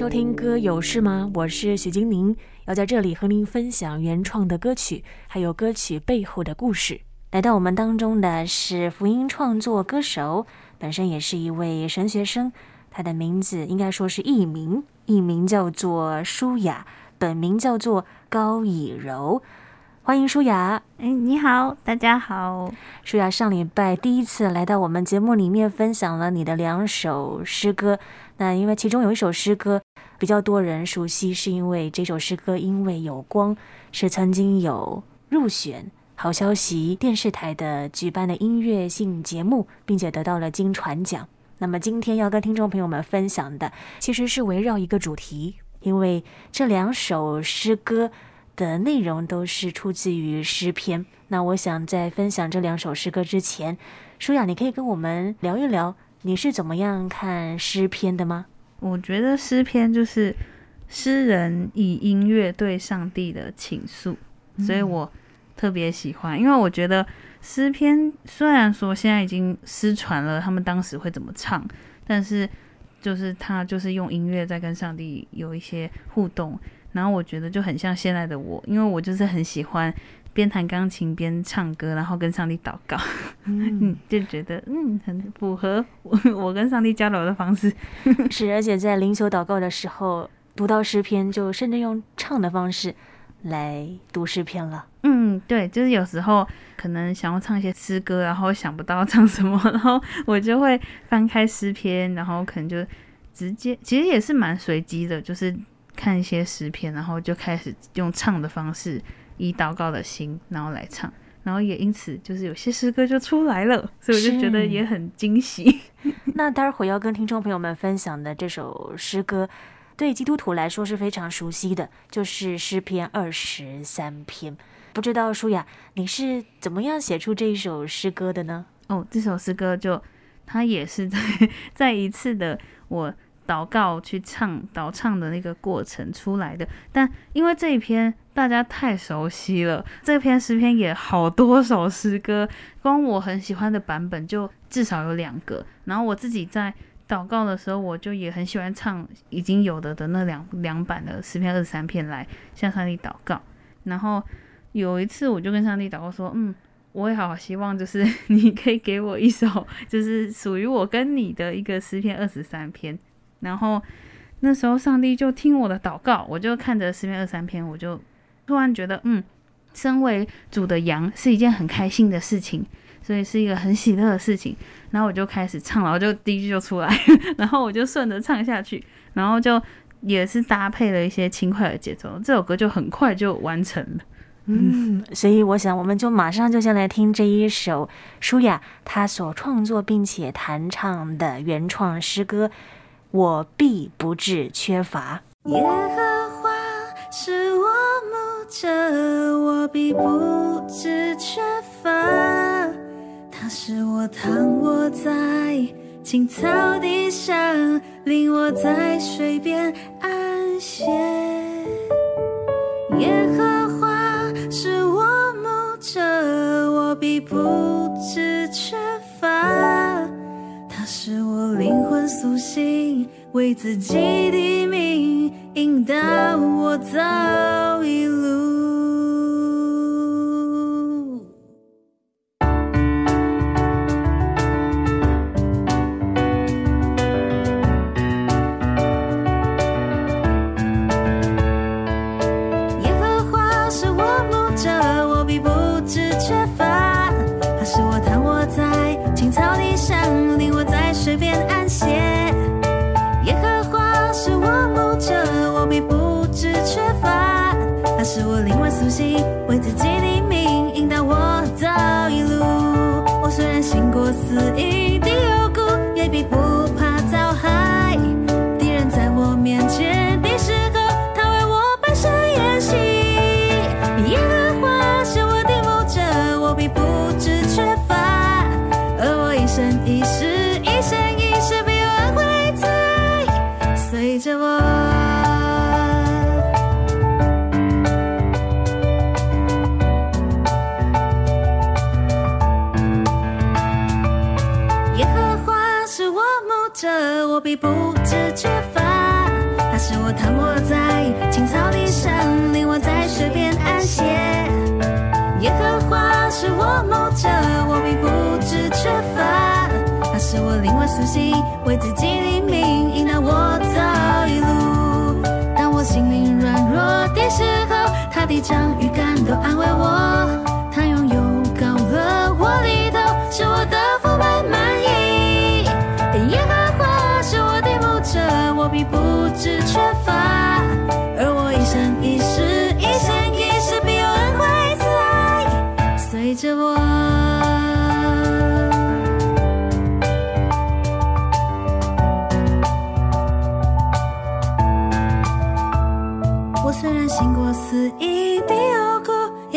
收聽歌有事嗎？我是許金寧，要在這裡和您分享原創的歌曲，還有歌曲背後的故事。來到我們當中的是福音創作歌手，本身也是一位神學生。她的名字應該說是藝名，藝名叫做書亞，本名叫做高以柔。歡迎書亞。誒，你好，大家好。書亞上禮拜第一次來到我們節目裡面，分享了你的兩首詩歌。那因為其中有一首詩歌。比較多人熟悉，是因為這首詩歌因為有光，是曾經有入選好消息電視台的舉辦的音樂性節目，並且得到了金傳獎。那麼今天要跟聽眾朋友們分享的，其實是圍繞一個主題，因為這兩首詩歌的內容都是出自於詩篇。那我想在分享這兩首詩歌之前，書亞，你可以跟我們聊一聊你是怎麼樣看詩篇的嗎？我覺得詩篇就是詩人以音樂對上帝的傾訴，所以我特別喜歡。因為我覺得詩篇雖然說現在已經失傳了，他們當時會怎麼唱，但是就是他就是用音樂在跟上帝有一些互動，然後我覺得就很像現在的我，因為我就是很喜歡。邊彈鋼琴邊唱歌，然後跟上帝禱告嗯 嗯，就覺得嗯很符合我，我跟上帝交流的方式 是，是而且在靈修禱告的時候讀到詩篇，就甚至用唱的方式來讀詩篇了。嗯，對，就是有時候可能想要唱一些詩歌，然後想不到唱什麼，然後我就會翻開詩篇，然後可能就直接，其實也是蠻隨機的，就是看一些詩篇，然後就開始用唱的方式，以禱告的心，然後來唱，然後也因此就是有些詩歌就出來了，所以我就覺得也很驚喜。那待會要跟聽眾朋友們分享的這首詩歌，對基督徒來說是非常熟悉的，就是詩篇二十三篇。不知道書亞，你是怎麼樣寫出這首詩歌的呢？哦，這首詩歌就它也是在再一次的我禱告去唱禱唱的那個過程出來的，但因為這一篇。大家太熟悉了，這篇詩篇也好多首詩歌，光我很喜歡的版本就至少有兩個。然後我自己在禱告的時候，我就也很喜歡唱已經有的的那兩兩版的詩篇二十三篇來向上帝禱告。然後有一次，我就跟上帝禱告說：“嗯，我也好希望就是你可以給我一首，就是屬於我跟你的一個詩篇二十三篇。”然後那時候上帝就聽我的禱告，我就看着詩篇二十三篇，我就。突然覺得，嗯，身為主的羊是一件很開心的事情，所以是一個很喜樂的事情。然後我就開始唱，然後就第一句就出來，然後我就順着唱下去，然後就也是搭配了一些輕快的節奏，這首歌就很快就完成了。嗯，所以我想，我們就馬上就先來聽這一首書亞她所創作並且彈唱的原創詩歌，我必不至缺乏。Yeah 是我牧者，我必不致缺乏。他使我躺臥在青草地上，領我在水邊安歇。耶和華是我牧者，我必不致缺乏。他使我靈魂甦醒，為自己的名。引導我走一路。我必不致缺乏，他使我躺臥在青草地上，領我在水邊安歇。耶和華是我牧者，我必不致缺乏。他使我靈魂甦醒，為自己的名引導我走義路。當我心靈軟弱的時候，他的杖與竿都安慰我。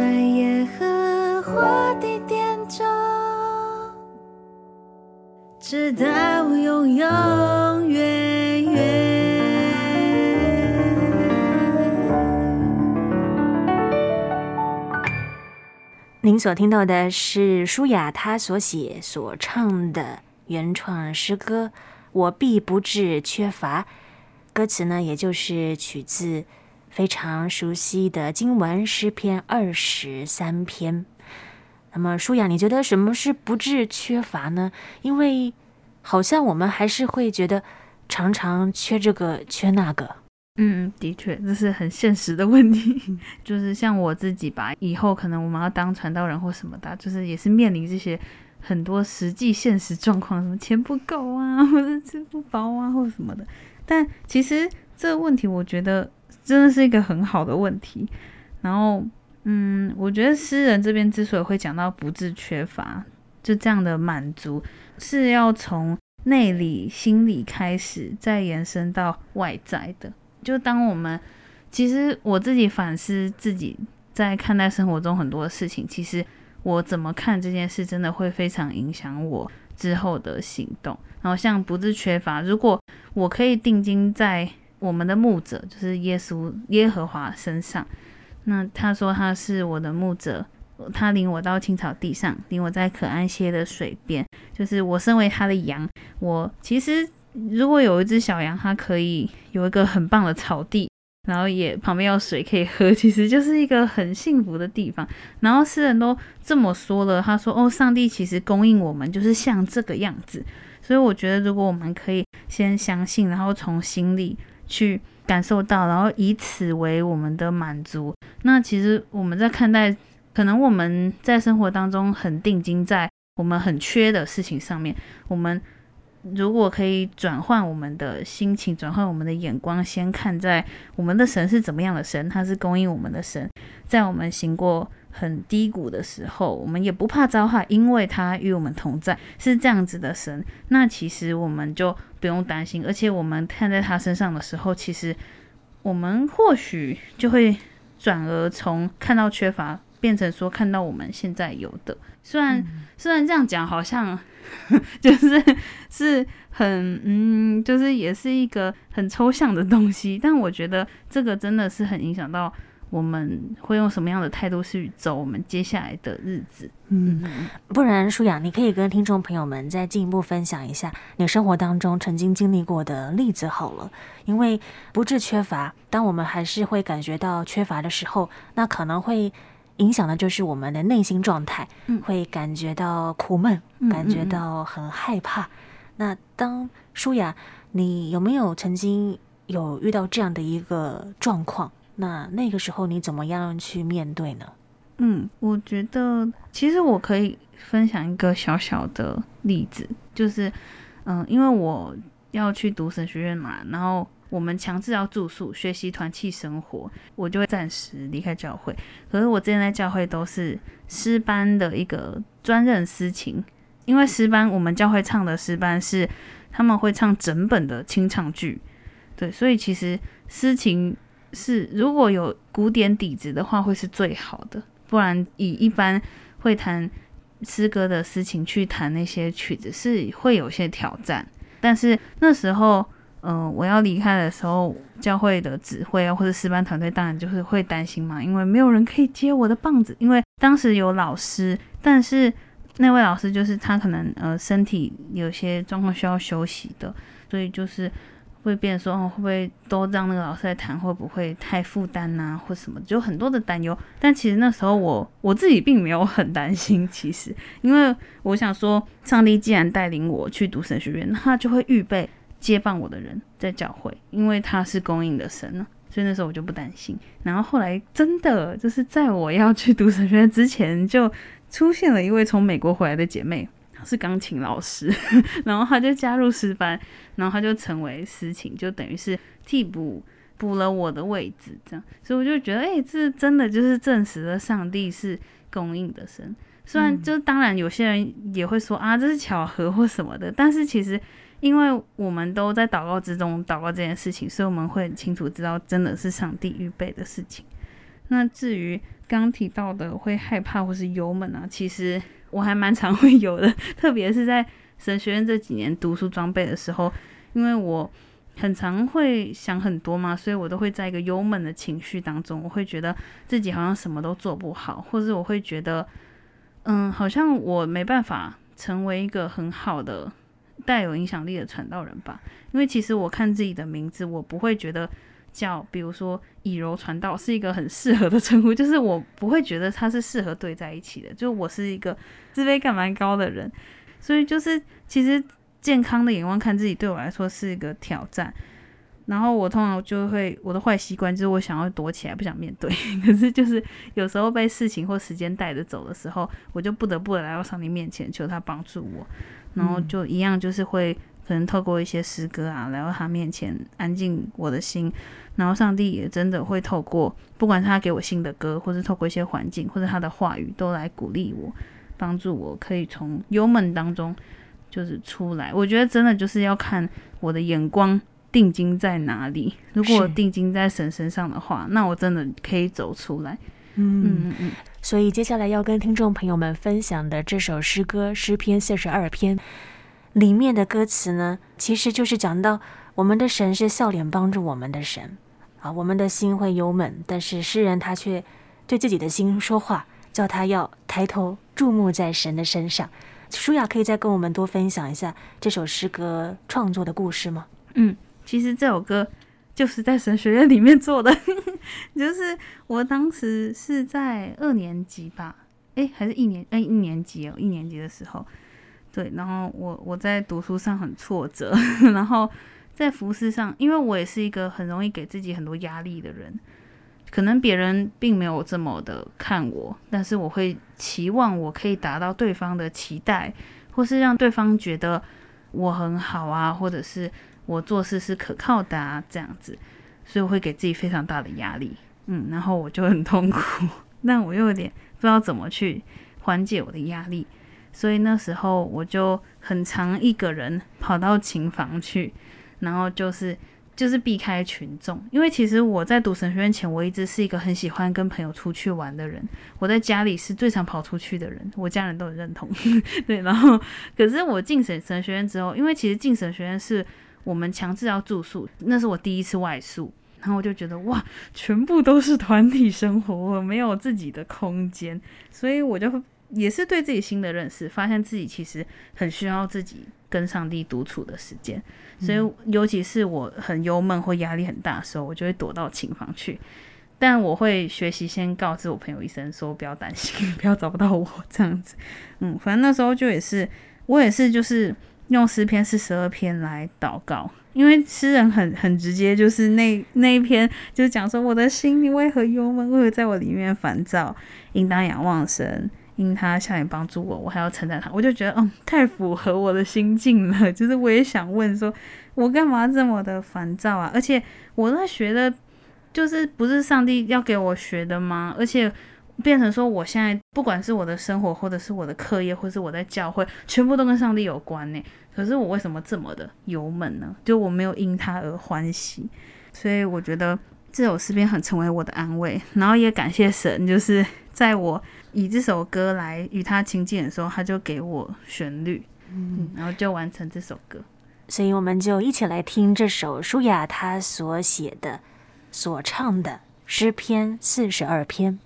在耶和華的殿中，直到永永遠遠。您所聽到的是書亞她所寫所唱的原創詩歌，我必不致缺乏。歌詞呢，也就是取自非常熟悉的經文詩篇二十三篇。那麼書亞，你覺得什麼是不致缺乏呢？因為好像我們還是會覺得常常缺這個缺那個。嗯，的確，這是很現實的問題。 就是像我自己吧，以後可能我們要當傳道人或什麼的，就是也是面臨這些很多實際現實狀況，什麼錢不夠啊，或者吃不飽啊，或者什麼的。但其實這個問題，我覺得。真的是一個很好的問題，然後，嗯，我覺得詩人這邊之所以會講到不致缺乏，就這樣的滿足，是要從內裡、心理開始，再延伸到外在的。就當我們其實我自己反思自己在看待生活中很多的事情，其實我怎麼看這件事，真的會非常影響我之後的行動。然後像不致缺乏，如果我可以定睛在。我們的牧者就是耶穌耶和華身上，那他說他是我的牧者，他領我到青草地上，領我在可安歇的水邊，就是我身為他的羊，我其實如果有一隻小羊，它可以有一個很棒的草地，然後也旁邊有水可以喝，其實就是一個很幸福的地方。然後詩人都這麼說了，他說哦，上帝其實供應我們就是像這個樣子，所以我覺得如果我們可以先相信，然後從心裡。去感受到，然後以此為我們的滿足。那其實我們在看待，可能我們在生活當中很定睛在我們很缺的事情上面。我們如果可以轉換我們的心情，轉換我們的眼光，先看在我們的神是怎麼樣的神，他是供應我們的神，在我們行過。很低谷的時候，我們也不怕遭害，因為他與我們同在，是這樣子的神。那其實我們就不用擔心，而且我們看在他身上的時候，其實我們或許就會轉而從看到缺乏，變成說看到我們現在有的。雖然嗯嗯雖然這樣講，好像就是是很嗯，就是也是一個很抽象的東西，但我覺得這個真的是很影響到。我們會用什麼樣的態度去走我們接下來的日子？嗯，不然書亞，你可以跟聽眾朋友們再進一步分享一下你生活當中曾經經歷過的例子好了，因為不致缺乏，當我們還是會感覺到缺乏的時候，那可能會影響的就是我們的內心狀態，會感覺到苦悶，嗯、感覺到很害怕。嗯嗯、那當書亞，你有沒有曾經有遇到這樣的一個狀況？那那個時候你怎麼樣去面對呢？嗯，我覺得其實我可以分享一個小小的例子，就是嗯、呃，因為我要去讀神學院嘛、啊，然後我們強制要住宿、學習團契生活，我就會暫時離開教會。可是我之前在教會都是詩班的一個專任司琴，因為詩班我們教會唱的詩班是他們會唱整本的清唱劇，對，所以其實司琴。是，如果有古典底子的話，會是最好的。不然以一般會彈詩歌的事情去彈那些曲子，是會有些挑戰。但是那時候，嗯、呃，我要離開的時候，教會的指揮或者詩班團隊當然就是會擔心嘛，因為沒有人可以接我的棒子。因為當時有老師，但是那位老師就是他可能呃身體有些狀況需要休息的，所以就是。會變說哦，會不會都讓那個老師來談？會不會太負擔吶、啊，或什麼？就很多的擔憂。但其實那時候我我自己並沒有很擔心，其實，因為我想說，上帝既然帶領我去讀神學院，他就會預備接棒我的人在教會，因為他是供應的神呢，所以那時候我就不擔心。然後後來真的就是在我要去讀神學院之前，就出現了一位從美國回來的姐妹。是鋼琴老師， 然後他就加入詩班，然後他就成為司琴，就等於是替補補了我的位置，這樣。所以我就覺得，哎、欸，這真的就是證實了上帝是供應的神。雖然就當然有些人也會說啊，這是巧合或什麼的，但是其實因為我們都在禱告之中，禱告這件事情，所以我們會很清楚知道，真的是上帝預備的事情。那至於剛提到的會害怕或是憂悶啊，其實我還蠻常會有的，特別是在神學院這幾年讀書裝備的時候，因為我很常會想很多嘛，所以我都會在一個憂悶的情緒當中，我會覺得自己好像什麼都做不好，或者我會覺得，嗯，好像我沒辦法成為一個很好的、帶有影響力的傳道人吧。因為其實我看自己的名字，我不會覺得。叫，比如說以柔傳道，是一個很適合的稱呼。就是我不會覺得它是適合對在一起的。就是我是一個自卑感蠻高的人，所以就是其實健康的眼光看自己，對我來說是一個挑戰。然後我通常就會我的壞習慣就是我想要躲起來，不想面對。可是就是有時候被事情或時間帶着走的時候，我就不得不來到上帝面前求他幫助我。然後就一樣就是會。嗯可能透過一些詩歌啊來到他面前，安靜我的心，然後上帝也真的會透過，不管是他給我新的歌，或是透過一些環境，或者他的話語，都來鼓勵我，幫助我，可以從憂悶當中就是出來。我覺得真的就是要看我的眼光定睛在哪裡。如果我定睛在神身上的話，是那我真的可以走出來。嗯嗯嗯。所以接下來要跟聽眾朋友們分享的這首詩歌，《詩篇四十二篇》。裡面的歌詞呢，其實就是講到我們的神是笑臉幫助我們的神啊，我們的心會憂悶，但是詩人他卻對自己的心說話，叫他要抬頭注目在神的身上。書亞可以再跟我們多分享一下這首詩歌創作的故事嗎？嗯，其實這首歌就是在神學院裡面做的， 就是我當時是在二年級吧，哎、欸，還是一年，哎、欸，一年級哦，一年級的時候。對，然後我我在讀書上很挫折，然後在服侍上，因為我也是一個很容易給自己很多壓力的人，可能別人並沒有這麼的看我，但是我會期望我可以達到對方的期待，或是讓對方覺得我很好啊，或者是我做事是可靠的啊，這樣子，所以我會給自己非常大的壓力，嗯，然後我就很痛苦，但我又有點不知道怎麼去緩解我的壓力。所以那時候我就很常一個人跑到琴房去，然後就是就是避開群眾，因為其實我在讀神學院前，我一直是一個很喜歡跟朋友出去玩的人，我在家裡是最常跑出去的人，我家人都很認同。對，然後可是我進神神學院之後，因為其實進神學院是我們強制要住宿，那是我第一次外宿，然後我就覺得哇，全部都是團體生活，我沒有自己的空間，所以我就會。也是對自己新的認識，發現自己其實很需要自己跟上帝獨處的時間，所以尤其是我很憂悶或壓力很大的時候，我就會躲到琴房去。但我會學習先告知我朋友一聲，說不要擔心，不要找不到我這樣子。嗯，反正那時候就也是我也是就是用詩篇四十二篇來禱告，因為詩人很很直接，就是那那一篇就講說，我的心你為何憂悶？為何在我裡面煩躁？應當仰望神。因他下來幫助我，我還要稱讚他，我就覺得哦、嗯，太符合我的心境了。就是我也想問說，我幹嘛這麼的煩躁啊？而且我在學的，就是不是上帝要給我學的嗎？而且變成說，我現在不管是我的生活，或者是我的課業，或者是我的教會，全部都跟上帝有關呢、欸。可是我為什麼這麼的憂悶呢？就我沒有因他而歡喜，所以我覺得。這首詩篇很成為我的安慰，然後也感謝神，就是在我以這首歌來與他親近的時候，他就給我旋律，嗯，然後就完成這首歌，嗯。所以我們就一起來聽這首書亞他所寫的、所唱的詩篇四十二篇。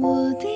我的。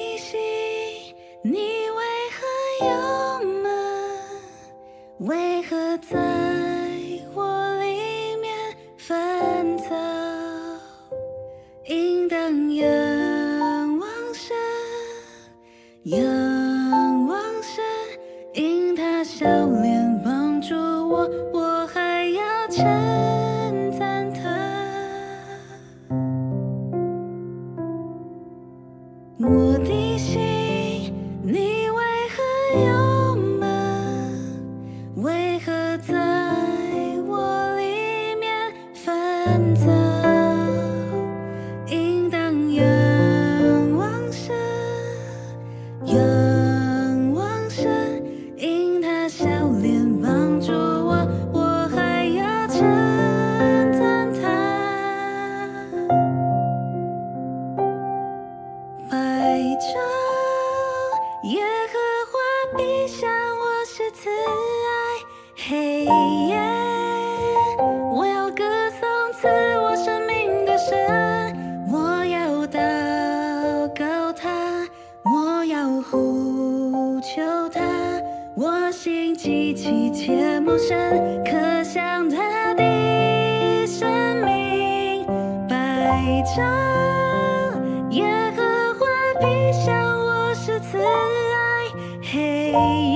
唱，耶和華必向我施慈愛，黑夜。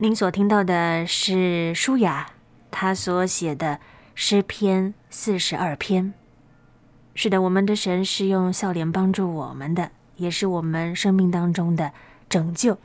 您所聽到的是書亞她所寫的詩篇四十二篇。是的，我們的神是用笑臉幫助我們的，也是我們生命當中的拯救。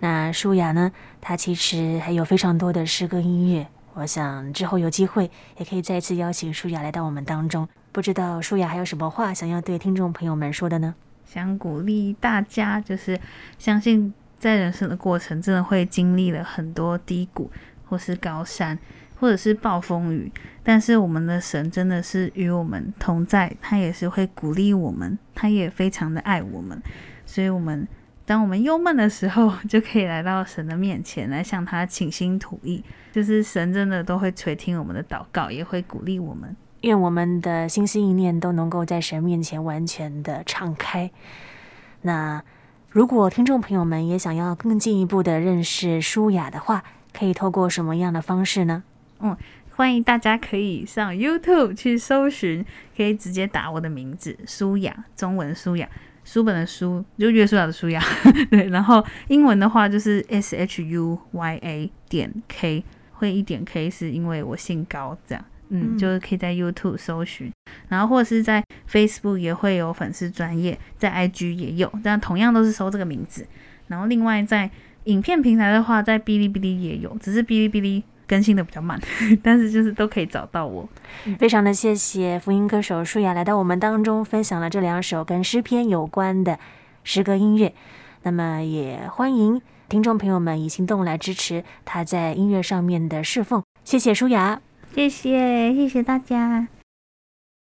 那書亞呢？她其實還有非常多的詩歌音樂，我想之後有機會也可以再次邀請書亞來到我們當中。不知道書亞還有什麼話想要對聽眾朋友們說的呢？想鼓勵大家，就是相信在人生的過程，真的會經歷了很多低谷或是高山。或者是暴風雨，但是我們的神真的是與我們同在，他也是會鼓勵我們，他也非常的愛我們，所以，我們當我們憂悶的時候，就可以來到神的面前，來向他傾心吐意。就是神真的都會垂聽我們的禱告，也會鼓勵我們。願我們的心思意念都能夠在神面前完全的敞開。那如果聽眾朋友們也想要更進一步的認識書亞的話，可以透過什麼樣的方式呢？嗯，歡迎大家可以上 YouTube 去搜尋，可以直接打我的名字書亞，中文書亞，書本的書就約書亞的書亞呵呵，對。然後英文的話就是 S H U Y A 點 K，會一點 K 是因為我姓高，這樣。嗯，嗯就是可以在 YouTube 搜尋，然後或者是在 Facebook 也會有粉絲專業，在 IG 也有，但同樣都是搜這個名字。然後另外在影片平台的話，在嗶哩嗶哩也有，只是嗶哩嗶哩。更新的比較慢，但是就是都可以找到我。嗯、非常的謝謝福音歌手書亞來到我們當中，分享了這兩首跟詩篇有關的詩歌音樂。那麼也歡迎聽眾朋友們以行動來支持她在音樂上面的侍奉。謝謝書亞，謝謝謝謝大家。